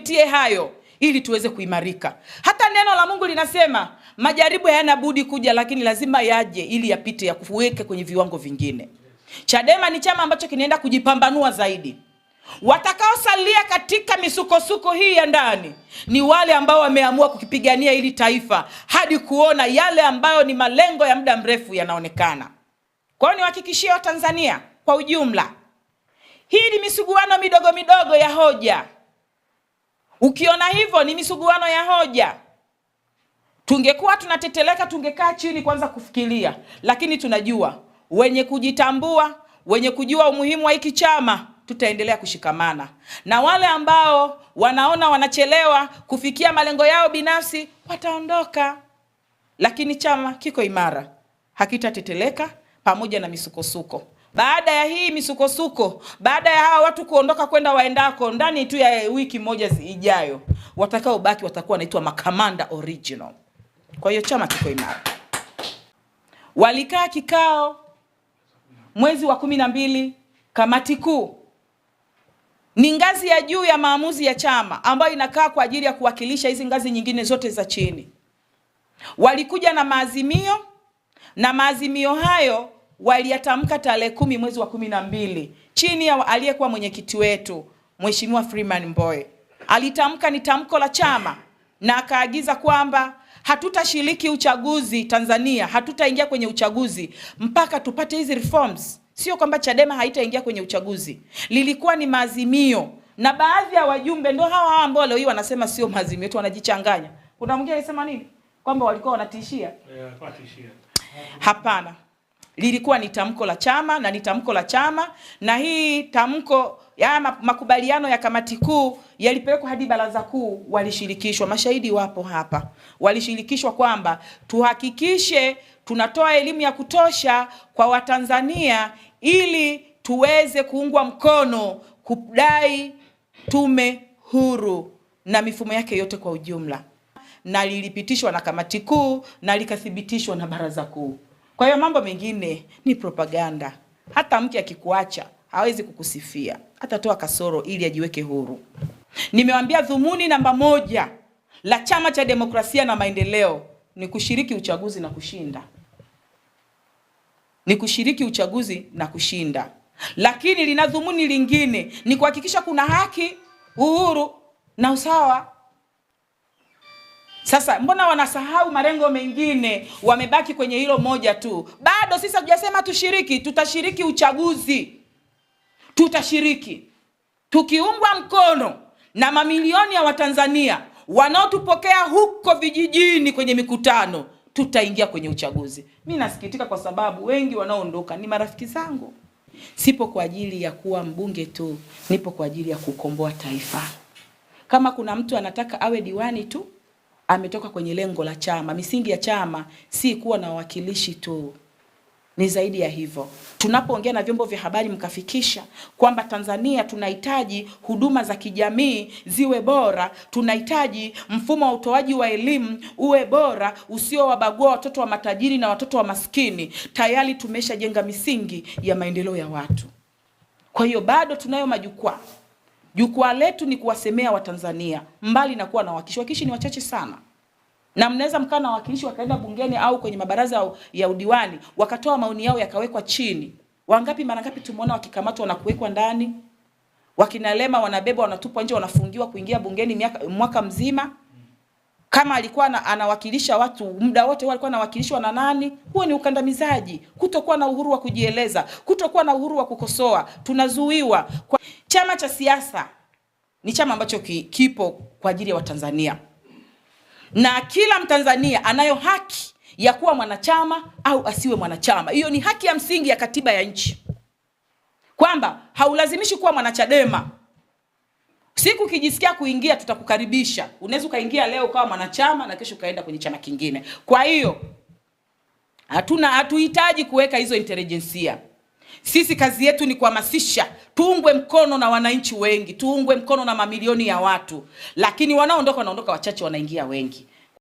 tuyapitie hayo ili tuweze kuimarika. Hata neno la Mungu linasema majaribu hayana budi kuja, lakini lazima yaje ili yapite, ya kuweke kwenye viwango vingine. Chadema ni chama ambacho kinaenda kujipambanua zaidi. Watakaosalia katika misukosuko hii ya ndani ni wale ambao wameamua kukipigania hili taifa hadi kuona yale ambayo ni malengo ya muda mrefu yanaonekana. Kwa hiyo niwahakikishie Watanzania kwa ujumla, hii ni misuguano midogo midogo ya hoja Ukiona hivyo ni misuguano ya hoja. Tungekuwa tunateteleka, tungekaa chini kwanza kufikiria, lakini tunajua wenye kujitambua, wenye kujua umuhimu wa hiki chama tutaendelea kushikamana, na wale ambao wanaona wanachelewa kufikia malengo yao binafsi wataondoka, lakini chama kiko imara, hakitateteleka pamoja na misukosuko. Baada ya hii misukosuko, baada ya hawa watu kuondoka kwenda waendako, ndani tu ya wiki moja ijayo, watakaobaki watakuwa wanaitwa makamanda original. Kwa hiyo chama kiko imara. Walikaa kikao mwezi wa kumi na mbili, kamati kuu ni ngazi ya juu ya maamuzi ya chama ambayo inakaa kwa ajili ya kuwakilisha hizi ngazi nyingine zote za chini. Walikuja na maazimio na maazimio hayo waliyatamka tarehe kumi mwezi wa kumi na mbili chini ya aliyekuwa mwenyekiti wetu Mheshimiwa Freeman Mbowe. Alitamka ni tamko la chama na akaagiza kwamba hatutashiriki uchaguzi Tanzania, hatutaingia kwenye uchaguzi mpaka tupate hizi reforms. Sio kwamba Chadema haitaingia kwenye uchaguzi, lilikuwa ni maazimio, na baadhi ya wajumbe ndio hawa hawa ambao leo hii wanasema sio maazimio tu, wanajichanganya. Kuna mwingine alisema nini, kwamba walikuwa wanatishia? Yeah, hapana lilikuwa ni tamko la chama na ni tamko la chama, na hii tamko ya makubaliano ya kamati kuu yalipelekwa hadi baraza kuu, walishirikishwa, mashahidi wapo hapa, walishirikishwa kwamba tuhakikishe tunatoa elimu ya kutosha kwa Watanzania ili tuweze kuungwa mkono kudai tume huru na mifumo yake yote kwa ujumla, na lilipitishwa na kamati kuu na likathibitishwa na baraza kuu. Kwa hiyo mambo mengine ni propaganda. Hata mke akikuacha hawezi kukusifia, atatoa kasoro ili ajiweke huru. nimewambia dhumuni namba moja la Chama cha Demokrasia na Maendeleo ni kushiriki uchaguzi na kushinda, ni kushiriki uchaguzi na kushinda, lakini lina dhumuni lingine, ni kuhakikisha kuna haki, uhuru na usawa sasa mbona wanasahau malengo mengine, wamebaki kwenye hilo moja tu? Bado sisi hatujasema tushiriki, tutashiriki uchaguzi, tutashiriki tukiungwa mkono na mamilioni ya Watanzania wanaotupokea huko vijijini kwenye mikutano, tutaingia kwenye uchaguzi. Mi nasikitika kwa sababu wengi wanaoondoka ni marafiki zangu. Sipo kwa ajili ya kuwa mbunge tu, nipo kwa ajili ya kukomboa taifa. Kama kuna mtu anataka awe diwani tu ametoka kwenye lengo la chama. Misingi ya chama si kuwa na wawakilishi tu, ni zaidi ya hivyo. Tunapoongea na vyombo vya habari, mkafikisha kwamba Tanzania tunahitaji huduma za kijamii ziwe bora, tunahitaji mfumo wa utoaji wa elimu uwe bora, usiowabagua watoto wa matajiri na watoto wa maskini. Tayari tumeshajenga misingi ya maendeleo ya watu. Kwa hiyo bado tunayo majukwaa Jukwaa letu ni kuwasemea Watanzania, mbali na kuwa na wakilishi. Wakilishi ni wachache sana, na mnaweza mkaa na wakilishi wakaenda bungeni au kwenye mabaraza ya udiwani wakatoa maoni yao yakawekwa chini. Wangapi mara ngapi tumeona wakikamatwa na kuwekwa ndani? wakinalema, wanabebwa wanatupwa nje, wanafungiwa kuingia bungeni miaka, mwaka mzima. Kama alikuwa na, anawakilisha watu muda wote alikuwa anawakilishwa na nani? Huo ni ukandamizaji, kutokuwa na uhuru wa kujieleza, kutokuwa na uhuru wa kukosoa. Tunazuiwa kwa... Chama cha siasa ni chama ambacho kipo kwa ajili ya Watanzania na kila Mtanzania anayo haki ya kuwa mwanachama au asiwe mwanachama. Hiyo ni haki ya msingi ya katiba ya nchi, kwamba haulazimishi kuwa mwanachadema. Siku ukijisikia kuingia, tutakukaribisha. Unaweza ukaingia leo ukawa mwanachama na kesho ukaenda kwenye chama kingine. Kwa hiyo hatuna hatuhitaji kuweka hizo intelijensia. Sisi kazi yetu ni kuhamasisha, tuungwe mkono na wananchi wengi, tuungwe mkono na mamilioni ya watu, lakini wanaondoka wanaondoka wachache, wanaingia wengi.